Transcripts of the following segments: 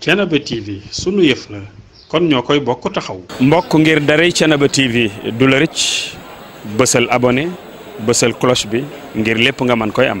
Thiénaba TV sunu yëf la kon ñoo koy bokk taxaw. mbokk ngir daray Thiénaba TV du la rëcc bësal abonné bësal cloche bi ngir lépp nga mën koy am.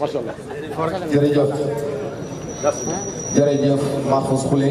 macha allah jërëjëf jërëjëf Mahfouz Khoule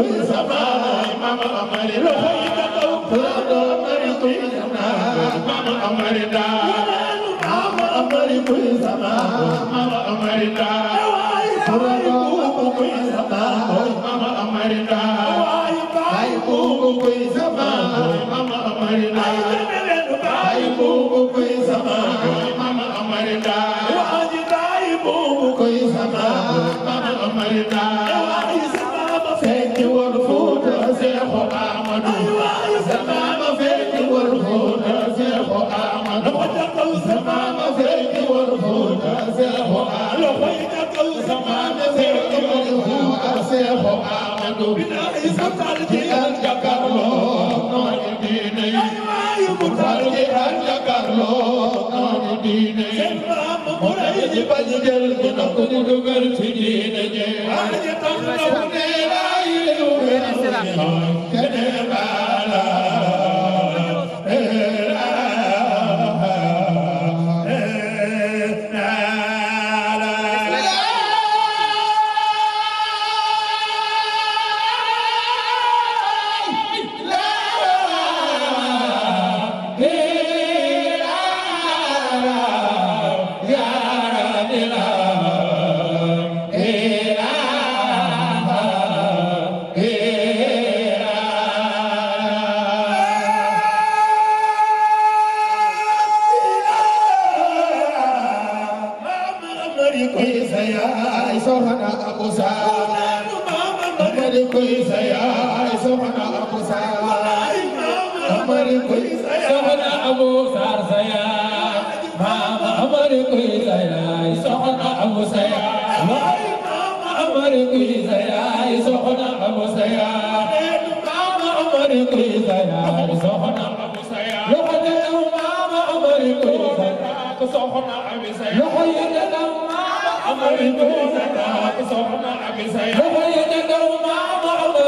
Mama Amarita. Seexu Amadu samaama feeti wal Fuuta Seexu Amadu loxo jàppal samaama feeti wal Fuuta Seexu Amadu loxo jàppal samaama feeti wal Fuuta Seexu Amadu binaayi satal ji an jàkkaarloo noonu diine yi aywaay mu tal ji an jàkkaarloo noonu diine yi seen maam mu rey ji bañ jël dina ko dugal ci diine ji لا amari koy saya soxna abu sar amari koy soxna abu sar saya mama amari koy saya soxna abu saya amari koy saya soxna abu saya mama amari koy saya soxna abu saya loxo de mama amari koy saya soxna abu saya loxo de mama amari koy saya soxna abu saya loxo de mama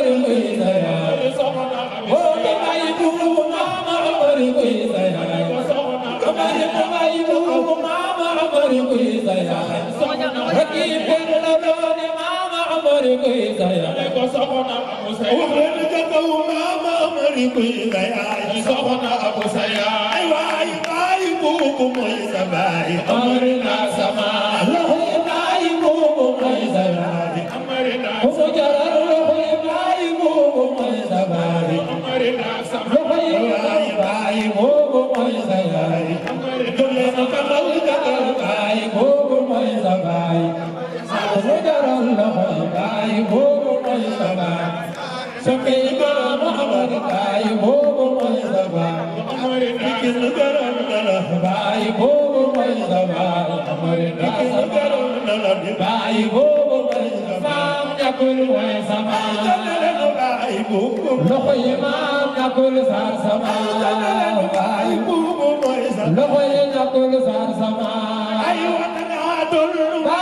Amarina sama nu kamal kamal baay boobu mooy sa baay sax mu jaral loxo baay boobu mooy sa baay soppey maam Muhammad baay boobu mooy sa baay dikin garam nala baay boobu mooy sa baay dikin garam nala baay boobu mooy sa baay saam jakul mooy sa baay loxo yi maam ñàkkul saar sama waay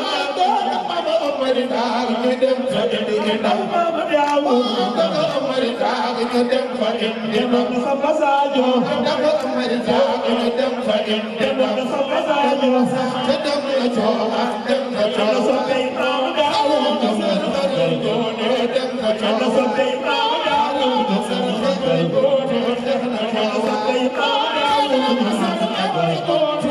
mari taal ñu dem fa indi ñu ndaw dafa am mari taal ñu dem fa indi ndaw dafa am mari taal ñu dem fa indi ndaw te dem na coowa dem na coowa awum dafa ragal doone dem na coowa awum dafa ragal doone dem na coowa awum dafa ragal doone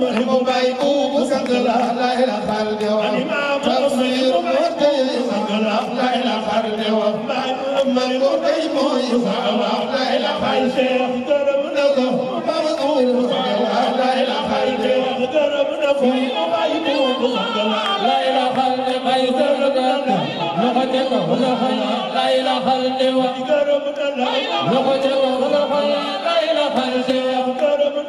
mu bay buubu sant la lay la xar de wa tafsir moo tey sant la lay la xar de wa man ko tey mooy sa la lay la xar de wa gërëm na ko tafsir sant la lay la xar de wa gërëm na ko mu bay buubu sant la lay la xar de bay gërëm na loxo te ko loxo lay la xar de wa gërëm na loxo te ko loxo lay la xar de wa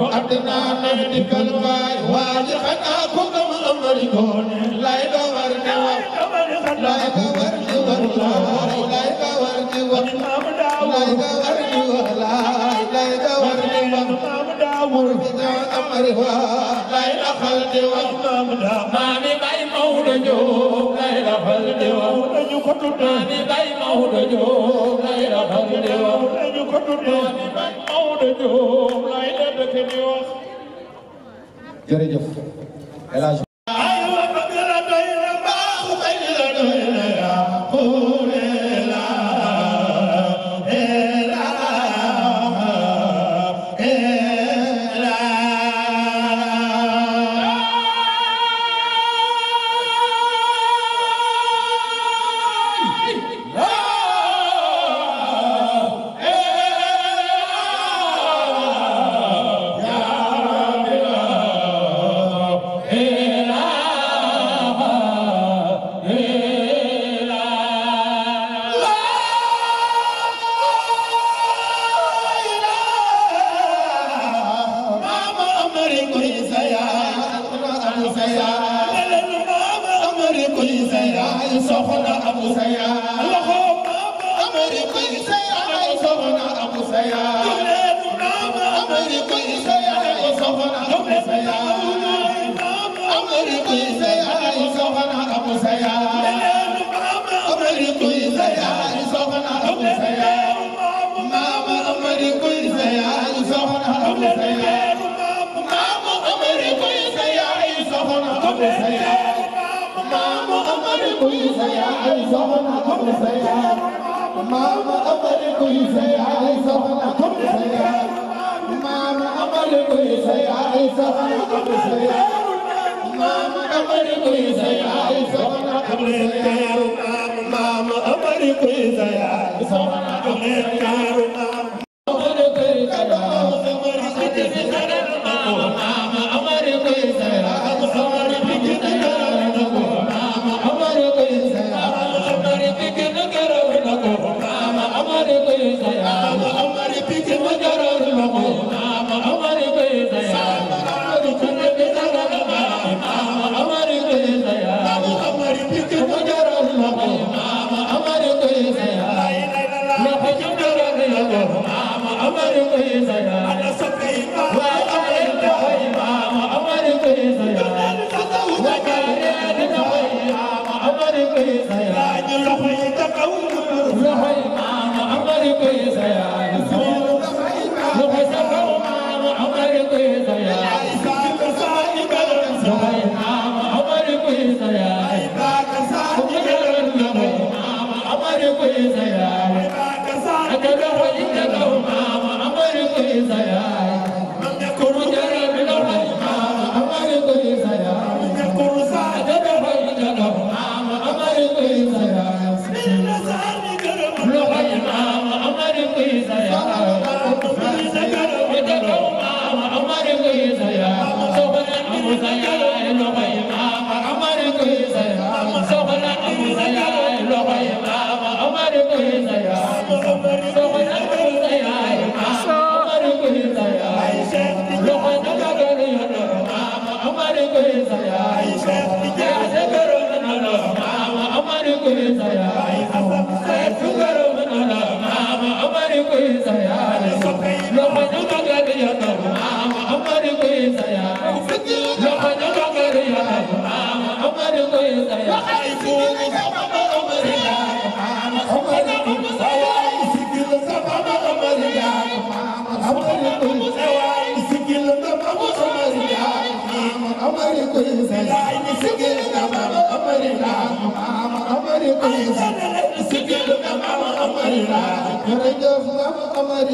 أدنى نهدك الواي واجحنا كل من أمركم لا يدعو مرتدى أمرها ليلة خلد وأمامنا مامي باي مولى جوب ليلة خلد وأمامنا مامي باي مولى جوب ليلة خلد وأمامنا مامي باي مولى جوب ليلة بكني وخ jërëjëf El Hadj كل سيا عيسرنا كل سيا ماما أمل كل سيا عيسرنا كل سيا ماما أمل كل سيا عيسرنا كل سيا ماما أمل كل سيا عيسرنا كل سيا ماما أمل كل سيا عيسرنا كل سيا Amari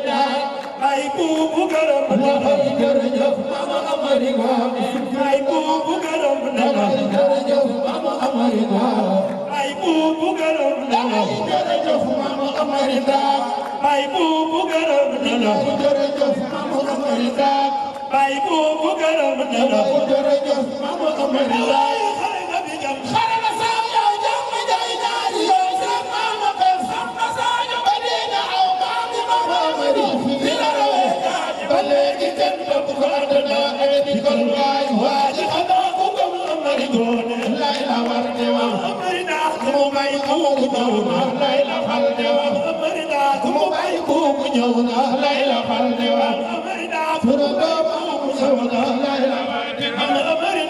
Dai, ay buubu garam ndamal jërëjëf mama amari ba ay buubu garam ndamal jërëjëf mama amari ba ay buubu garam ndamal jërëjëf mama amari ba ay buubu garam ndamal jërëjëf mama amari ba ay buubu garam ndamal jërëjëf mama amari ba mu bay ko mu ñëw na lay la fal de wax ku mu bay ko mu ñëw na lay la fal de wax ku mu bay ko mu ñëw na lay la fal de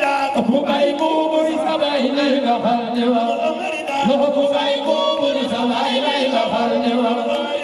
wax ku mu bay ko mu sa bay lay la fal de wax ku mu bay ko mu sa bay lay la fal de wax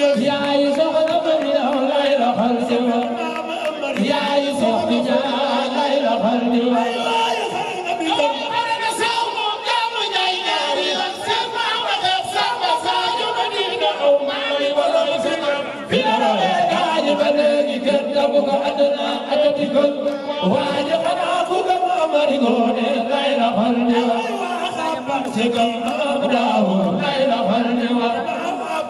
Take a love down, light up her new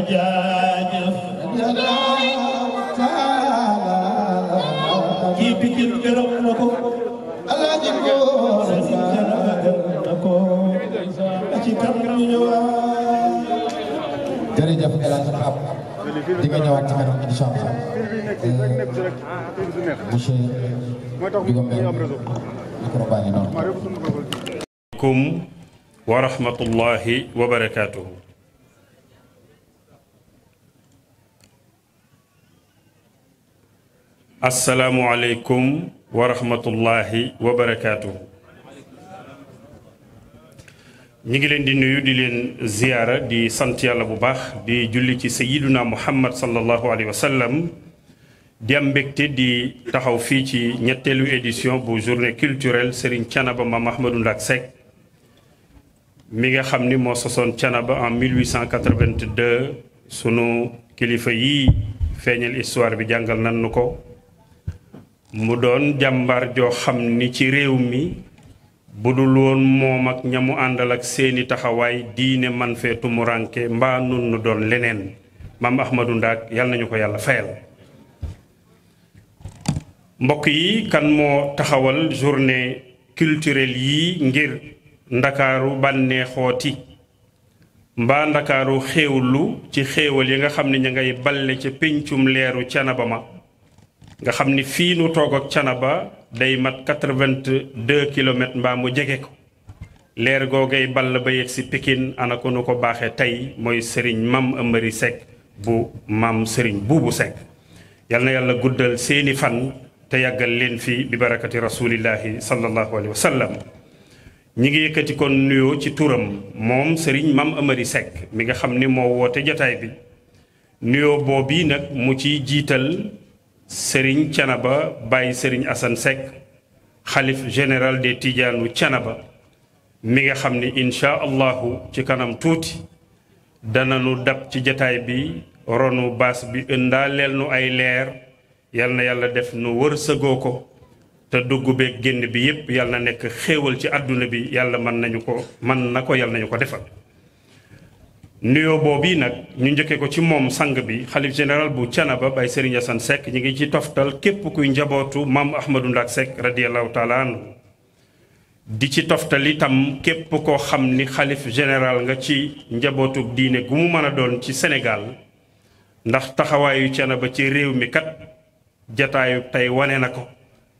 jaajëf kii Pikine gërëm na ko alaaji góor na ko ci kanam ñu ñëwaat jërëjëf El Hadj Pape di nga ñëwaat ci kanam incha allah euh, monsieur Digo Mbengue micro baa ngi noonu. asalaamaaleykum wa rahmatullahi wa barakaatuhu asalaamualeykum wa rahmatullahi wa barakaatuhu ñi ngi leen di nuyu di leen ziyaara di sant yàlla bu baax di julli ci sayiduna muhammad sallallahu alayhi wa di am mbégte di taxaw fii ci ñetteelu édition bu journée culturelle Serigne Thiénaba Mame Ahmadou Ndack Seck mi nga xam ni moo sosoon Thiénaba en 1882 sunu kilifa yi feeñal histoire bi jàngal nan nu ko mu doon jàmbaar joo xam ni ci réew mi budul woon moom ak ñamu àndal ak seeni taxawaay diine man fee tumuranke mbaa nun nu doon leneen maam Ahmadou Ndaak yàlla nañu ko yàlla fayal mbokk yi kan moo taxawal journée culturelle yi ngir ndakaaru bànneexooti mbaa ndakaaru xéewlu ci xéewal yi nga xam ne ña ngay balle ca péncum leeru Thiénaba ma nga xam ni fii nu toog ak ba day mat quatre-vingt-deux kilomètres mbaa mu jege ko leer googay ball ba yegg si Pikine ko nu ko baaxee tey mooy sëriñ Mame Amary Seck bu maam sëriñ buubu Seck yal na yàlla guddal seeni fan te yàggal leen fii bi barakati rasulillahi sallallahu alayhi wa sallam ñi ngi yëkkati kon nuyoo ci turam moom sëriñ mam Amary Seck mi nga xam ni moo woote jataay bi nuyoo boobu nag mu ci jiital sëriñ Canaba bàyyi sëriñ Assane Seck xalif général des Tidianes Canaba mi nga xam ni incha allahu ci kanam tuuti dana nu dab ci jataay bi ronu baas bi ëndaaleel nu ay leer yal na yàlla def nu wërsëgoo ko te dugg beeg génn bi yépp yal na nekk xéewal ci àdduna bi yàlla mën nañu ko mën na ko yal nañu ko defal nuyo nuyoo boobu nag ñu njëkkee ko ci moom sang bi xalif général bu Thiénaba Baye Serigne Assane Seck ñu ngi ci toftal képp kuy njabootu maam Ahmadou Ndack Seck radiyallahu taala di ci toftal itam képp koo xam ni xalif général nga ci njabootu diine gu mu mën a doon ci Sénégal ndax taxawaayu Thiénaba ci réew mi kat jataayu tey wane na ko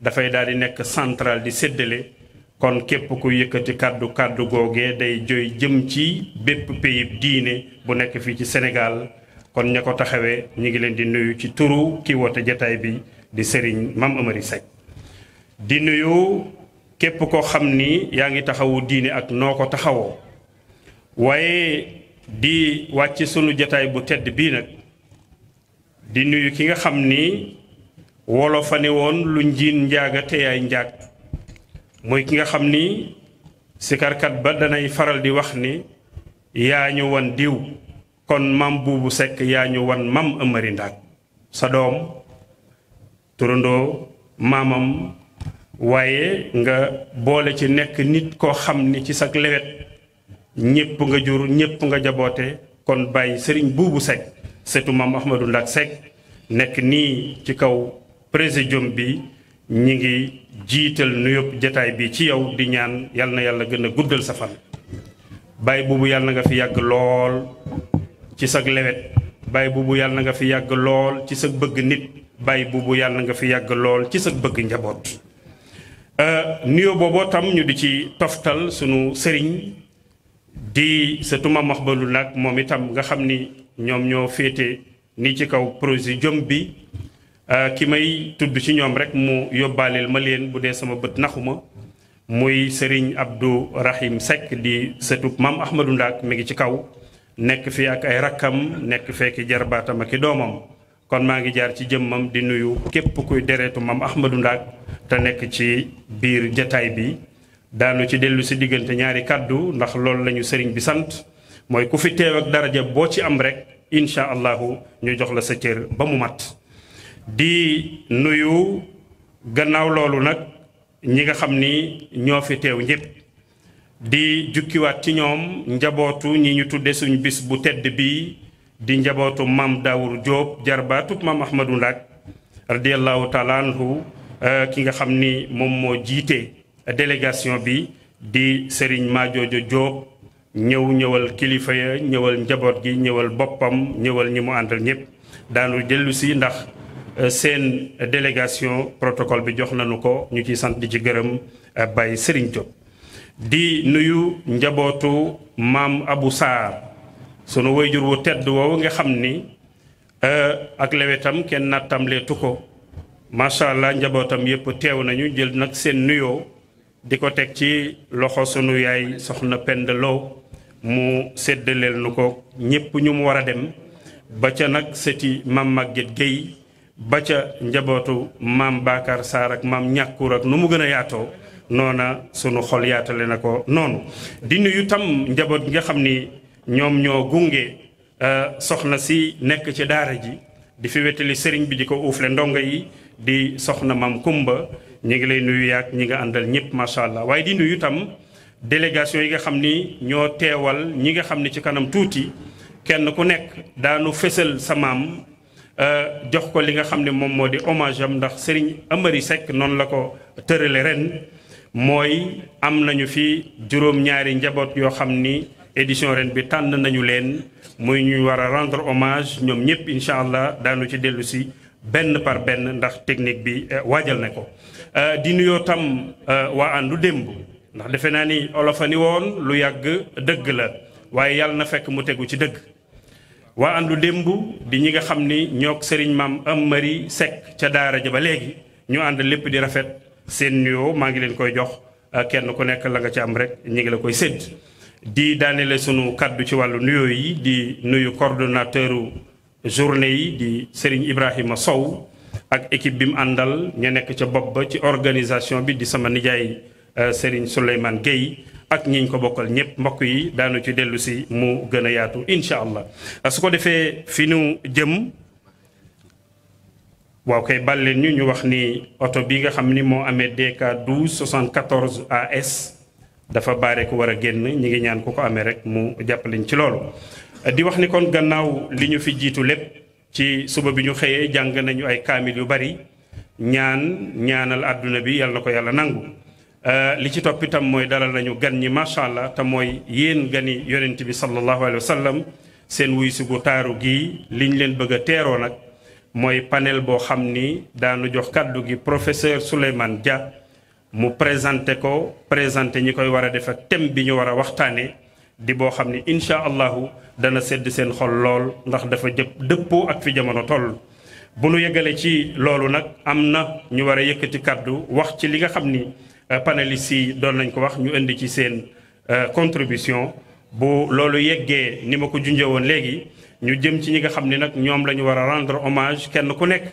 dafay daal di nekk central di séddale kon képp ku yëkkati kàddu kàddu googee day joy jëm ci bépp pays diine bu nekk fii ci Sénégal kon ña ko taxawee ñu ngi leen di nuyu ci turu ki jataay bi di sëriñ mam Amary Seck di nuyu képp koo xam ni yaa ngi taxawu diine ak noo ko taxawoo waaye di wàcc sunu jataay bu tedd bii nag di nuyu ki nga xam ni wolofa ne woon lu njiin njaaga te yaay njaag mooy ki nga xam ni sikarkat ba danay faral di wax ni yaa ñu wan diw kon mam buubu sekk yaa ñu wan mam ëmari ndaag sa doom turandoo maamam waaye nga boole ci nekk nit koo xam ni ci sag lewet ñépp nga jur ñépp nga jaboote kon bàyyi sëriñ buubu sekk setu mam ahmadu ndaag sekk nekk nii ci kaw présidium bi ñi ngi jiital nuyub jataay bi ci yow di ñaan yal na yàlla gën a guddal sa fan baay buubu yàlla nga fi yàgg lool ci sag lewet baay buubu yàlla na nga fi yàgg lool ci sag bëgg nit baay buubu yàlla nga fi yàgg lool ci sag bëgg njaboot euh, nuyo booboo tam ñu di ci toftal suñu sëriñ di sa tuma maxbalu nag moom itam nga xam ni ñoom ñoo féete ni ci kaw projet jom bi Euh, ki may tudd ci ñoom rek mu yóbbaaleel ma leen bu dee sama bët naxuma muy Serigne Abdou Rahim Seck di sëtu mam Ahmadou Ndaak mi ngi ci kaw nekk fi ak ay rakkam nekk fekki jarbaatam ak i doomam kon maa ngi jaar ci jëmmam di nuyu képp kuy deretu maam Ahmadou Ndaak te nekk ci biir jataay bi daanu ci dellu si diggante ñaari kàddu ndax loolu lañu sëriñ bi sant mooy ku fi teew ak daraja boo ci am rek incha allahu ñu jox la sa cër ba mu mat di nuyu gannaaw loolu nag ñi nga xam ni ñoo fi teew ñëpp di jukkiwaat ci ñoom njabootu ñi ñu tudde suñ bis bu tedd bi di njabootu maam Daawur Jóob jarbaatu maam Ahmadou Ndak radiallahu taala anhu eh, ki nga xam ni moom moo jiite délégation bi di Serigne Maajoojo Jóob ñëw ñëwal kilifa ya ñëwal njaboot gi ñëwal boppam ñëwal ñi mu àndal ñëpp daanu dellu si ndax Euh, seen délégation protocole bi jox nañu ko ñu ciy sant di ci gërëm euh, bay Serigne Diop di nuyu njabootu maam abu Sarr sunu wayjur wu tedd woowu nga xam ni euh, ak lewetam kenn nattamleetu ko macha allah njabootam yëpp teew nañu jël nag seen nuyoo di ko teg ci loxo sunu yaay soxna pend loo mu séddaleel nu ko ñëpp ñu mu war a dem ba ca nag sëti maam Maguette Gueye ba ca njabootu maam Bakar Sarr ak maam ñàkkuur ak nu mu gën a yaatoo noona sunu xol yaatale na ko noonu di nuyu tam njaboot gi nga xam ni ñoom ñoo gunge euh, soxna si nekk ci daara ji di fi wettali sëriñ bi di ko uufle ndongo yi di soxna maam Kumba ñu ngi lay nuyu yaag ñi nga àndal ñëpp macha allah waaye di nuyu tam délégation yi nga xam ni ñoo teewal ñi nga xam ni ci kanam tuuti kenn ku nekk daanu fësal sa maam Euh, jox ko li nga xam ne moom moo di hommage am ndax Serigne Amary sekk noonu la ko tërale ren mooy am nañu fi juróom-ñaari njaboot yoo xam ni édition ren bi tànn nañu leen muy ñuy war a rendre hommage ñoom ñëpp incha allah daanu ci dellu si benn par benn ndax technique bi euh, waajal na ko euh, di nuyoo tam waa àndu démb ndax defe naa ni olofa ni woon lu yàgg dëgg la waaye yàlla na fekk mu tegu ci dëgg waa àndu démb di ñi nga xam ni ñook sëriñ maam am mari Seck ca daara ja ba léegi ñu ànd lépp di rafet seen nuyoo maa ngi leen koy jox euh, kenn ku nekk la nga ci am rek ñu ngi la koy sédd di daanele sunu kàddu ci wàllu nuyoo yi di nuyu coordonnateur journée yi di Serigne Ibrahima Sow ak équipe bi mu àndal ña nekk ca bopp ba ci organisation bi di sama nijaay euh, Serigne Souleymane Gueye ak ñiñ ko bokkal ñëpp mbokk yi daanu ci dellusi mu gën a yaatu incha allah ah, su ko defee fi ñu jëm waaw kay bal ñu ñu wax ni oto bi nga xam ni moo amee DK 12 74 AS dafa baare ku war a génn ñi ngi ñaan ku ko amee rek mu jàppaleñ ci loolu ah, di wax ni kon gannaaw li ñu fi jiitu lépp ci suba bi ñu xëyee jàng nañu ay kaamil yu bari ñaan ñaanal àdduna bi yàlla na ko yàlla nangu Euh, li ci topp itam mooy dalal nañu gan ñi macha allah te mooy yéen gani yonent bi sallallahu alayhi wa sallam seen wuy si gu taaru gii liñ leen bëgg a teeroo nag mooy panel boo xam ni daanu jox kàddu gi professeur Souleymane Dia mu présenté ko présenté ñi koy war a def ak bi ñu war a waxtaanee di boo xam ni incha allahu dana sedd seen xol lool ndax dafa jë dëppoo ak fi jamono toll. bu nu yëgalee ci loolu nag am na ñu war a kàddu wax ci li nga xam ni. Euh, panélistes yi doon nañ ko wax ñu indi ci seen euh, contribution bu loolu yeggee ni ma ko junjee woon léegi ñu jëm ci ñi nga xam ni nag ñoom lañu ñu war a rendre hommage kenn ku nekk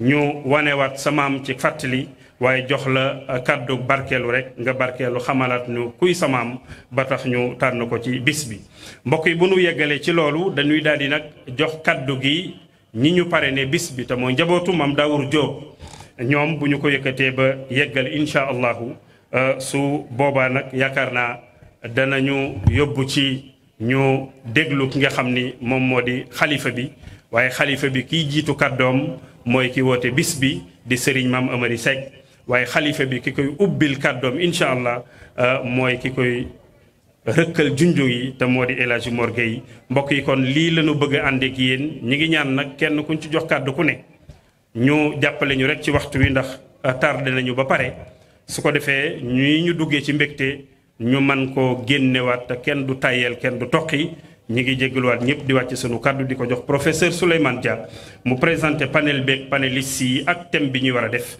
ñu wanewaat sa maam ci fàttali waaye jox la euh, kàddu barkeelu rek nga barkeelu xamalaat ñu kuy sa maam ba tax ñu tànn ko ci bis bi. mbokk yi bu nu yeggalee ci loolu dañuy daal di nag jox kàddu gi ñi ñu pare ne bis bi te mooy njabootu maam Daawur Jóob ñoom bu ñu ko yëkkatee ba yeggal incha allahu euh, su boobaa nag yaakaar naa danañu yóbbu ci ñu déglu ki nga xam ni moom moo di xalifa bi waaye xalifa bi kiy jiitu kàddoom mooy ki woote bis bi di sëriñ maam Amary Seck waaye xalifa bi ki koy ubbil kàddoom incha allah euh, mooy ki koy rëkkal junjung yi te moo di El Hadji Mor Gueye mbokk yi kon lii lañu bëgg a ànd ñi ngi ñaan nag kenn kuñ ci jox kàddu ku ne ñu jàppale ñu rek ci waxtu wi ndax euh, tardé nañu ba pare su ko defee ñuy ñu duggee ci mbégte ñu man koo génnewaat kenn du tayeel kenn du toqi ñi ngi jégaluwaat ñëpp di wàcc sunu kàddu di ko jox professeur Souleymane Dia mu présenté panel beeg panélistes yi ak thème bi ñuy war a def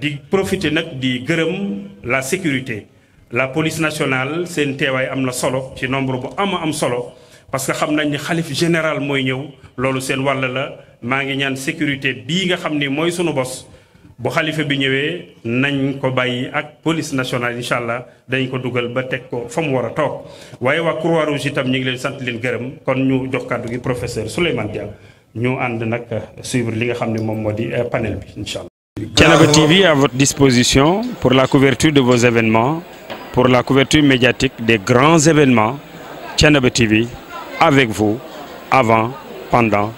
di profiter nag di gërëm la sécurité la police nationale seen teewaay am na solo ci nombre bu ama am solo parce que xam nañ ni xalif général mooy ñëw loolu seen wàll la maa ngi ñaan sécurité bii nga xam ni mooy sunu bos bu xalifa bi ñëwee nañ ko bàyyi ak police nationale incha allah dañ ko dugal ba teg ko fa mu war a toog waaye waa Croix Rouge itam ñu ngi leen sant leen gërëm kon ñu jox kàddu gi professeur Souleymane Diallo ñu ànd nag suivre li nga xam ne moom moo di euh, panel bi incha allah. Thiénaba TV à votre disposition pour la couverture de vos événements pour la couverture médiatique des grands événements Thiénaba TV avec vous avant pendant